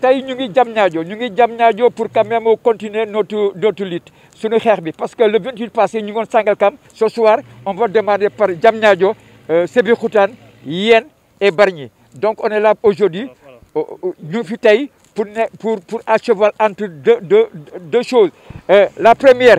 Tay ñu ngi jam ñaajo ñu ngi jam pour quand même continuer notre notre lutte suñu xex bi parce que le 28 passé ñu ngi sangal kam ce soir on va demander par jam ñaajo euh, Sébikotane Yen et Barnier. donc on est là aujourd'hui euh, euh, ñu fi pour pour pour achever entre deux deux deux choses la première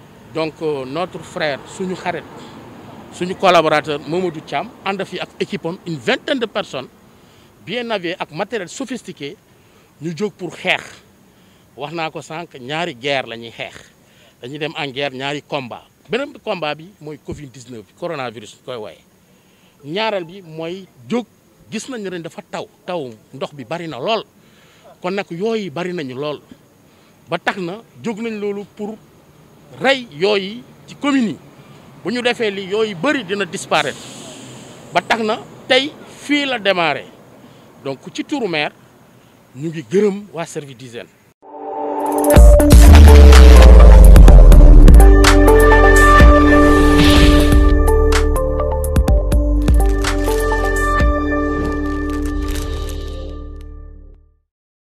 donc euh, notre frère Sunu collaborateur Momo Dujam, a fi une vingtaine de personnes bien avec avec matériel sophistiqué nous nous. pour faire. Nous avons nous sommes ñaari guerre la avons en guerre ñaari combat combat bi Covid 19 le coronavirus koy wooye ñaareel bi nous jóg gis nañu na pour. rey yooyu ci communes yi bu ñu defee li yooyu bëri dina disparaître ba tax na tey fii la démarré donc ci turu ñu ngi gërëm waa servi d'hygiène